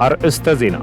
Ar-Estazina.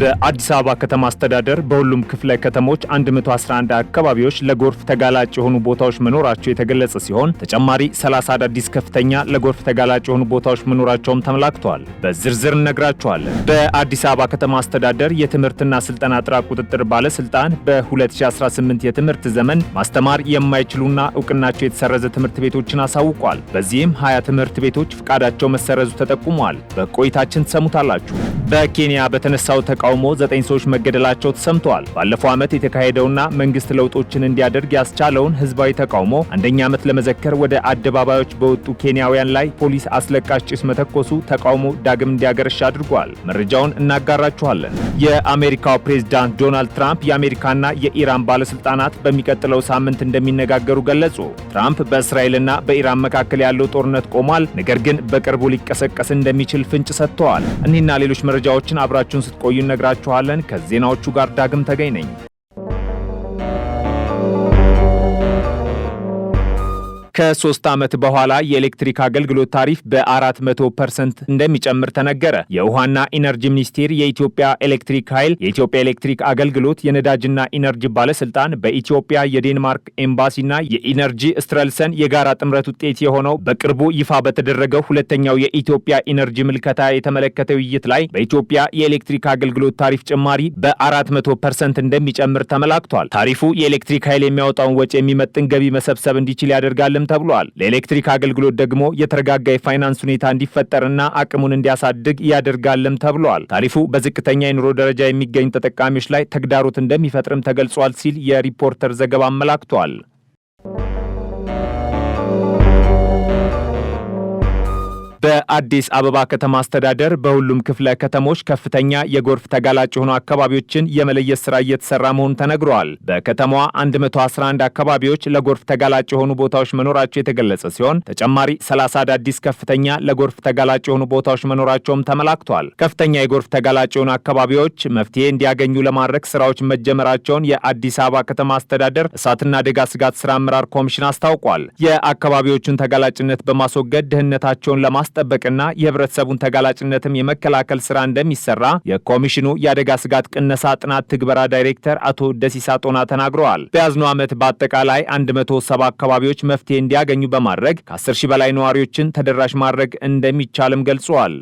በአዲስ አበባ ከተማ አስተዳደር በሁሉም ክፍለ ከተሞች 111 አካባቢዎች ለጎርፍ ተጋላጭ የሆኑ ቦታዎች መኖራቸው የተገለጸ ሲሆን ተጨማሪ 30 አዳዲስ ከፍተኛ ለጎርፍ ተጋላጭ የሆኑ ቦታዎች መኖራቸውም ተመላክቷል። በዝርዝር እነግራቸዋለን። በአዲስ አበባ ከተማ አስተዳደር የትምህርትና ስልጠና ጥራት ቁጥጥር ባለስልጣን በ2018 የትምህርት ዘመን ማስተማር የማይችሉና እውቅናቸው የተሰረዘ ትምህርት ቤቶችን አሳውቋል። በዚህም 20 ትምህርት ቤቶች ፍቃዳቸው መሰረዙ ተጠቁሟል። በቆይታችን ትሰሙታላችሁ። በኬንያ በተነሳው ተቃውሞ ዘጠኝ ሰዎች መገደላቸው ተሰምተዋል። ባለፈው ዓመት የተካሄደውና መንግስት ለውጦችን እንዲያደርግ ያስቻለውን ህዝባዊ ተቃውሞ አንደኛ ዓመት ለመዘከር ወደ አደባባዮች በወጡ ኬንያውያን ላይ ፖሊስ አስለቃሽ ጭስ መተኮሱ ተቃውሞ ዳግም እንዲያገረሽ አድርጓል። መረጃውን እናጋራችኋለን። የአሜሪካው ፕሬዝዳንት ዶናልድ ትራምፕ የአሜሪካና የኢራን ባለስልጣናት በሚቀጥለው ሳምንት እንደሚነጋገሩ ገለጹ። ትራምፕ በእስራኤልና በኢራን መካከል ያለው ጦርነት ቆሟል፣ ነገር ግን በቅርቡ ሊቀሰቀስ እንደሚችል ፍንጭ ሰጥተዋል። እኒህና ሌሎች መረጃዎችን አብራችሁን ስትቆዩ እንነግራችኋለን። ከዜናዎቹ ጋር ዳግም ተገኝ ነኝ። ከሶስት ዓመት በኋላ የኤሌክትሪክ አገልግሎት ታሪፍ በ400 ፐርሰንት እንደሚጨምር ተነገረ። የውሃና ኢነርጂ ሚኒስቴር፣ የኢትዮጵያ ኤሌክትሪክ ኃይል፣ የኢትዮጵያ ኤሌክትሪክ አገልግሎት፣ የነዳጅና ኢነርጂ ባለስልጣን፣ በኢትዮጵያ የዴንማርክ ኤምባሲና የኢነርጂ ስትረልሰን የጋራ ጥምረት ውጤት የሆነው በቅርቡ ይፋ በተደረገው ሁለተኛው የኢትዮጵያ ኢነርጂ ምልከታ የተመለከተ ውይይት ላይ በኢትዮጵያ የኤሌክትሪክ አገልግሎት ታሪፍ ጭማሪ በ400 ፐርሰንት እንደሚጨምር ተመላክቷል። ታሪፉ የኤሌክትሪክ ኃይል የሚያወጣውን ወጪ የሚመጥን ገቢ መሰብሰብ እንዲችል ያደርጋል አይችልም ተብሏል። ለኤሌክትሪክ አገልግሎት ደግሞ የተረጋጋ የፋይናንስ ሁኔታ እንዲፈጠርና አቅሙን እንዲያሳድግ ያደርጋልም ተብሏል። ታሪፉ በዝቅተኛ የኑሮ ደረጃ የሚገኙ ተጠቃሚዎች ላይ ተግዳሮት እንደሚፈጥርም ተገልጿል ሲል የሪፖርተር ዘገባ አመላክቷል። በአዲስ አበባ ከተማ አስተዳደር በሁሉም ክፍለ ከተሞች ከፍተኛ የጎርፍ ተጋላጭ የሆኑ አካባቢዎችን የመለየት ስራ እየተሰራ መሆኑ ተነግረዋል። በከተማዋ 111 አካባቢዎች ለጎርፍ ተጋላጭ የሆኑ ቦታዎች መኖራቸው የተገለጸ ሲሆን ተጨማሪ 30 አዳዲስ ከፍተኛ ለጎርፍ ተጋላጭ የሆኑ ቦታዎች መኖራቸውም ተመላክቷል። ከፍተኛ የጎርፍ ተጋላጭ የሆኑ አካባቢዎች መፍትሄ እንዲያገኙ ለማድረግ ስራዎች መጀመራቸውን የአዲስ አበባ ከተማ አስተዳደር እሳትና አደጋ ስጋት ስራ አመራር ኮሚሽን አስታውቋል። የአካባቢዎቹን ተጋላጭነት በማስወገድ ደህንነታቸውን ለማስጠ የመጠበቅና የህብረተሰቡን ተጋላጭነትም የመከላከል ስራ እንደሚሰራ የኮሚሽኑ የአደጋ ስጋት ቅነሳ ጥናት ትግበራ ዳይሬክተር አቶ ደሲሳ ጦና ተናግረዋል። በያዝነው ዓመት በአጠቃላይ 170 አካባቢዎች መፍትሄ እንዲያገኙ በማድረግ ከ10 ሺህ በላይ ነዋሪዎችን ተደራሽ ማድረግ እንደሚቻልም ገልጿል።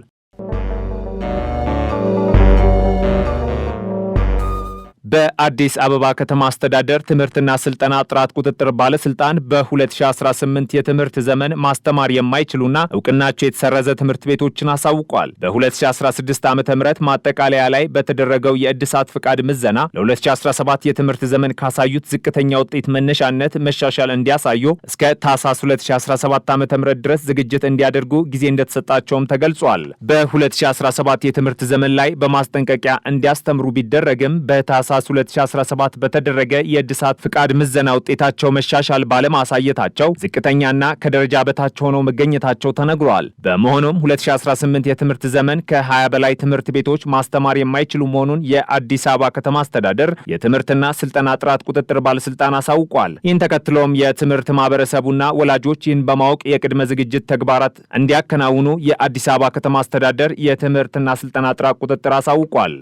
በአዲስ አበባ ከተማ አስተዳደር ትምህርትና ስልጠና ጥራት ቁጥጥር ባለስልጣን በ2018 የትምህርት ዘመን ማስተማር የማይችሉና እውቅናቸው የተሰረዘ ትምህርት ቤቶችን አሳውቋል። በ2016 ዓ ም ማጠቃለያ ላይ በተደረገው የእድሳት ፍቃድ ምዘና ለ2017 የትምህርት ዘመን ካሳዩት ዝቅተኛ ውጤት መነሻነት መሻሻል እንዲያሳዩ እስከ ታህሳስ 2017 ዓ ም ድረስ ዝግጅት እንዲያደርጉ ጊዜ እንደተሰጣቸውም ተገልጿል። በ2017 የትምህርት ዘመን ላይ በማስጠንቀቂያ እንዲያስተምሩ ቢደረግም በታህሳስ ታህሳስ 2017 በተደረገ የእድሳት ፍቃድ ምዘና ውጤታቸው መሻሻል ባለማሳየታቸው ዝቅተኛና ከደረጃ በታች ሆነው መገኘታቸው ተነግሯል። በመሆኑም 2018 የትምህርት ዘመን ከ20 በላይ ትምህርት ቤቶች ማስተማር የማይችሉ መሆኑን የአዲስ አበባ ከተማ አስተዳደር የትምህርትና ስልጠና ጥራት ቁጥጥር ባለስልጣን አሳውቋል። ይህን ተከትሎም የትምህርት ማህበረሰቡና ወላጆች ይህን በማወቅ የቅድመ ዝግጅት ተግባራት እንዲያከናውኑ የአዲስ አበባ ከተማ አስተዳደር የትምህርትና ስልጠና ጥራት ቁጥጥር አሳውቋል።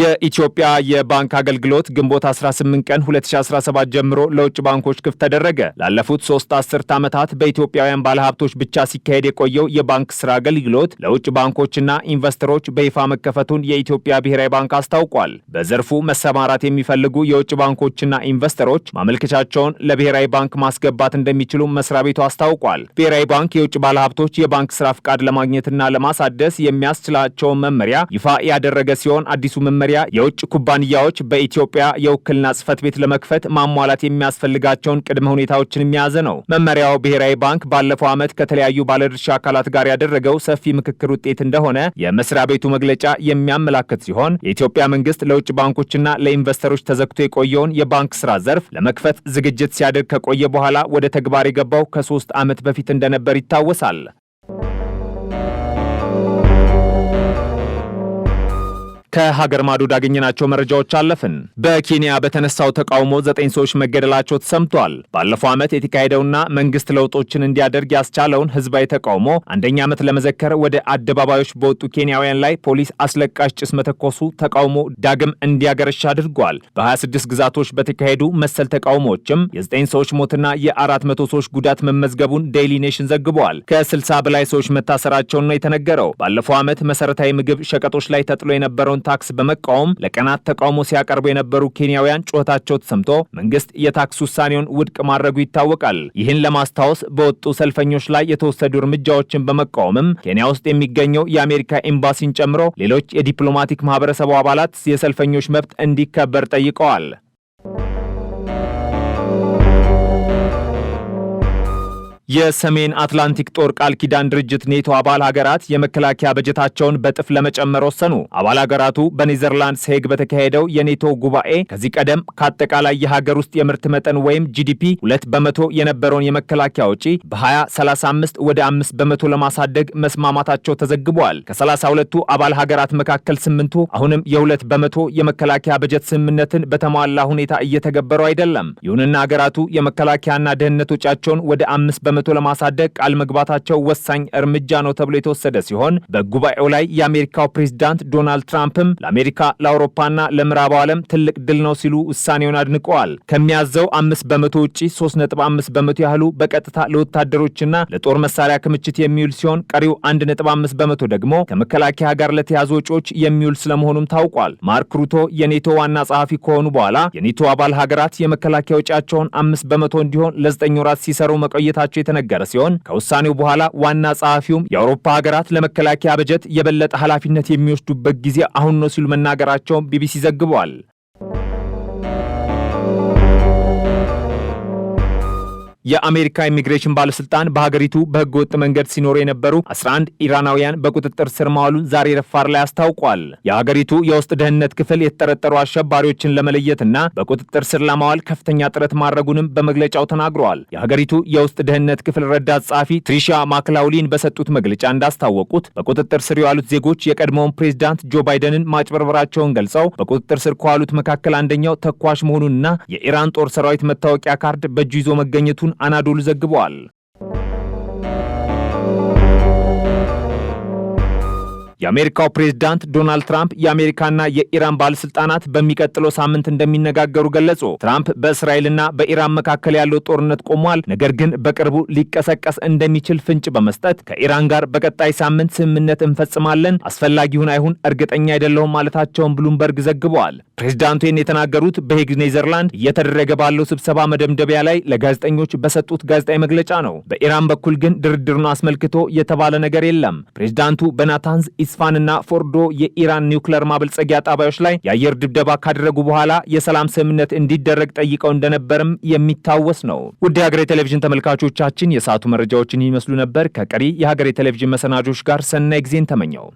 የኢትዮጵያ የባንክ አገልግሎት ግንቦት 18 ቀን 2017 ጀምሮ ለውጭ ባንኮች ክፍት ተደረገ። ላለፉት ሶስት አስርት ዓመታት በኢትዮጵያውያን ባለሀብቶች ብቻ ሲካሄድ የቆየው የባንክ ስራ አገልግሎት ለውጭ ባንኮችና ኢንቨስተሮች በይፋ መከፈቱን የኢትዮጵያ ብሔራዊ ባንክ አስታውቋል። በዘርፉ መሰማራት የሚፈልጉ የውጭ ባንኮችና ኢንቨስተሮች ማመልከቻቸውን ለብሔራዊ ባንክ ማስገባት እንደሚችሉ መስሪያ ቤቱ አስታውቋል። ብሔራዊ ባንክ የውጭ ባለሀብቶች የባንክ ስራ ፍቃድ ለማግኘትና ለማሳደስ የሚያስችላቸውን መመሪያ ይፋ ያደረገ ሲሆን አዲሱ መመሪያ መመሪያ የውጭ ኩባንያዎች በኢትዮጵያ የውክልና ጽህፈት ቤት ለመክፈት ማሟላት የሚያስፈልጋቸውን ቅድመ ሁኔታዎችን የያዘ ነው። መመሪያው ብሔራዊ ባንክ ባለፈው ዓመት ከተለያዩ ባለድርሻ አካላት ጋር ያደረገው ሰፊ ምክክር ውጤት እንደሆነ የመስሪያ ቤቱ መግለጫ የሚያመላክት ሲሆን የኢትዮጵያ መንግስት ለውጭ ባንኮችና ለኢንቨስተሮች ተዘግቶ የቆየውን የባንክ ስራ ዘርፍ ለመክፈት ዝግጅት ሲያደርግ ከቆየ በኋላ ወደ ተግባር የገባው ከሶስት ዓመት በፊት እንደነበር ይታወሳል። ከሀገር ማዶ ያገኘናቸው መረጃዎች አለፍን። በኬንያ በተነሳው ተቃውሞ ዘጠኝ ሰዎች መገደላቸው ተሰምቷል። ባለፈው ዓመት የተካሄደውና መንግስት ለውጦችን እንዲያደርግ ያስቻለውን ህዝባዊ ተቃውሞ አንደኛ ዓመት ለመዘከር ወደ አደባባዮች በወጡ ኬንያውያን ላይ ፖሊስ አስለቃሽ ጭስ መተኮሱ ተቃውሞ ዳግም እንዲያገረሽ አድርጓል። በ26 ግዛቶች በተካሄዱ መሰል ተቃውሞዎችም የዘጠኝ ሰዎች ሞትና የ400 ሰዎች ጉዳት መመዝገቡን ዴይሊ ኔሽን ዘግቧል። ከ60 በላይ ሰዎች መታሰራቸውን ነው የተነገረው። ባለፈው ዓመት መሰረታዊ ምግብ ሸቀጦች ላይ ተጥሎ የነበረውን የጣለውን ታክስ በመቃወም ለቀናት ተቃውሞ ሲያቀርቡ የነበሩ ኬንያውያን ጩኸታቸው ተሰምቶ መንግስት የታክስ ውሳኔውን ውድቅ ማድረጉ ይታወቃል። ይህን ለማስታወስ በወጡ ሰልፈኞች ላይ የተወሰዱ እርምጃዎችን በመቃወምም ኬንያ ውስጥ የሚገኘው የአሜሪካ ኤምባሲን ጨምሮ ሌሎች የዲፕሎማቲክ ማህበረሰቡ አባላት የሰልፈኞች መብት እንዲከበር ጠይቀዋል። የሰሜን አትላንቲክ ጦር ቃል ኪዳን ድርጅት ኔቶ አባል ሀገራት የመከላከያ በጀታቸውን በጥፍ ለመጨመር ወሰኑ። አባል ሀገራቱ በኔዘርላንድስ ሄግ በተካሄደው የኔቶ ጉባኤ ከዚህ ቀደም ከአጠቃላይ የሀገር ውስጥ የምርት መጠን ወይም ጂዲፒ ሁለት በመቶ የነበረውን የመከላከያ ውጪ በ2035 ወደ አምስት በመቶ ለማሳደግ መስማማታቸው ተዘግቧል። ከ32ቱ አባል ሀገራት መካከል ስምንቱ አሁንም የሁለት በመቶ የመከላከያ በጀት ስምምነትን በተሟላ ሁኔታ እየተገበረው አይደለም። ይሁንና ሀገራቱ የመከላከያና ደህንነት ወጪያቸውን ወደ አምስት በመቶ ለማሳደግ ቃል መግባታቸው ወሳኝ እርምጃ ነው ተብሎ የተወሰደ ሲሆን በጉባኤው ላይ የአሜሪካው ፕሬዚዳንት ዶናልድ ትራምፕም ለአሜሪካ ለአውሮፓና ለምዕራብ ዓለም ትልቅ ድል ነው ሲሉ ውሳኔውን አድንቀዋል። ከሚያዘው አምስት በመቶ ውጪ ሶስት ነጥብ አምስት በመቶ ያህሉ በቀጥታ ለወታደሮችና ለጦር መሳሪያ ክምችት የሚውል ሲሆን ቀሪው አንድ ነጥብ አምስት በመቶ ደግሞ ከመከላከያ ጋር ለተያዙ ወጪዎች የሚውል ስለመሆኑም ታውቋል። ማርክ ሩቶ የኔቶ ዋና ጸሐፊ ከሆኑ በኋላ የኔቶ አባል ሀገራት የመከላከያ ወጪያቸውን አምስት በመቶ እንዲሆን ለዘጠኝ ወራት ሲሰሩ መቆየታቸው የተነገረ ሲሆን ከውሳኔው በኋላ ዋና ጸሐፊውም የአውሮፓ ሀገራት ለመከላከያ በጀት የበለጠ ኃላፊነት የሚወስዱበት ጊዜ አሁን ነው ሲሉ መናገራቸውን ቢቢሲ ዘግቧል። የአሜሪካ ኢሚግሬሽን ባለስልጣን በሀገሪቱ በህገ ወጥ መንገድ ሲኖሩ የነበሩ 11 ኢራናውያን በቁጥጥር ስር መዋሉን ዛሬ ረፋር ላይ አስታውቋል። የሀገሪቱ የውስጥ ደህንነት ክፍል የተጠረጠሩ አሸባሪዎችን ለመለየትና በቁጥጥር ስር ለማዋል ከፍተኛ ጥረት ማድረጉንም በመግለጫው ተናግረዋል። የሀገሪቱ የውስጥ ደህንነት ክፍል ረዳት ጸሐፊ ትሪሻ ማክላውሊን በሰጡት መግለጫ እንዳስታወቁት በቁጥጥር ስር የዋሉት ዜጎች የቀድሞውን ፕሬዚዳንት ጆ ባይደንን ማጭበርበራቸውን ገልጸው በቁጥጥር ስር ከዋሉት መካከል አንደኛው ተኳሽ መሆኑንና የኢራን ጦር ሰራዊት መታወቂያ ካርድ በእጁ ይዞ መገኘቱን አናዶል ዘግበዋል። የአሜሪካው ፕሬዝዳንት ዶናልድ ትራምፕ የአሜሪካና የኢራን ባለስልጣናት በሚቀጥለው ሳምንት እንደሚነጋገሩ ገለጹ። ትራምፕ በእስራኤልና በኢራን መካከል ያለው ጦርነት ቆሟል፣ ነገር ግን በቅርቡ ሊቀሰቀስ እንደሚችል ፍንጭ በመስጠት ከኢራን ጋር በቀጣይ ሳምንት ስምምነት እንፈጽማለን፣ አስፈላጊሁን አይሁን እርግጠኛ አይደለሁም ማለታቸውን ብሉምበርግ ዘግበዋል። ፕሬዚዳንቱ ይህን የተናገሩት በሄግ ኔዘርላንድ እየተደረገ ባለው ስብሰባ መደምደቢያ ላይ ለጋዜጠኞች በሰጡት ጋዜጣዊ መግለጫ ነው። በኢራን በኩል ግን ድርድሩን አስመልክቶ የተባለ ነገር የለም። ፕሬዚዳንቱ በናታንዝ ኢስፋንና ፎርዶ የኢራን ኒውክለር ማበልጸጊያ ጣቢያዎች ላይ የአየር ድብደባ ካደረጉ በኋላ የሰላም ስምምነት እንዲደረግ ጠይቀው እንደነበርም የሚታወስ ነው። ውድ የሀገሬ ቴሌቪዥን ተመልካቾቻችን የሰዓቱ መረጃዎችን ይመስሉ ነበር። ከቀሪ የሀገሬ ቴሌቪዥን መሰናጆች ጋር ሰናይ ጊዜን ተመኘው።